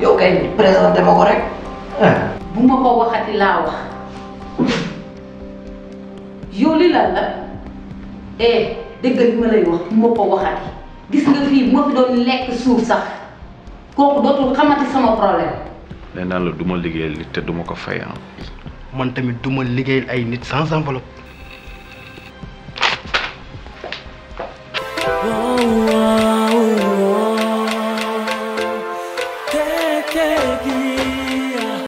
yow kay présenté ma ko rek. bu ma ko waxati laa wax yow li lan la eh dëgg li ma lay wax bu ma ko waxati gis nga fii ma fi doon lekk suuf sax kooku dootul xamati sama problème. nee naa la du liggéeyal nit te duma ma ko fay ah. man tamit du ma liggéeyal ay nit sans enveloppe. take you.